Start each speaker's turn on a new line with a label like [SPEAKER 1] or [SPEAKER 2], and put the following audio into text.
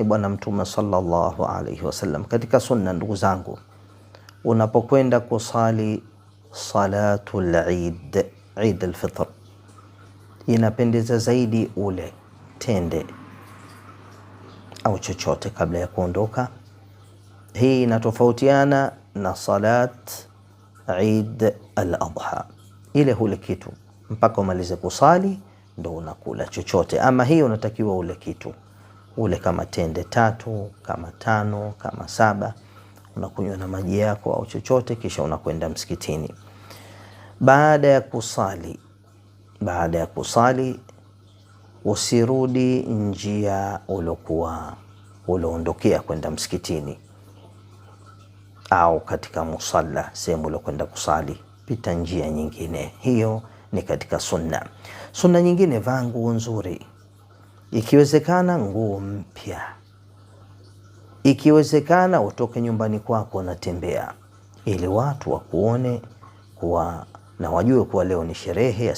[SPEAKER 1] ni Bwana Mtume sallallahu alaihi wasallam. Katika sunna, ndugu zangu, unapokwenda kusali salatul Eid, Eid al-Fitr, inapendeza zaidi ule tende au chochote kabla ya kuondoka. Hii inatofautiana na salat Eid al-Adha, ile hule kitu mpaka umalize kusali ndo unakula chochote, ama hii unatakiwa ule kitu ule kama tende tatu, kama tano, kama saba, unakunywa na maji yako au chochote, kisha unakwenda msikitini. Baada ya kusali, baada ya kusali usirudi njia uliokuwa ulioondokea kwenda msikitini au katika musalla, sehemu uliokwenda kusali, pita njia nyingine. Hiyo ni katika sunna. Sunna nyingine, vaa nguo nzuri ikiwezekana nguo mpya, ikiwezekana utoke nyumbani kwako unatembea, ili watu wakuone kuwa na wajue kuwa leo ni sherehe ya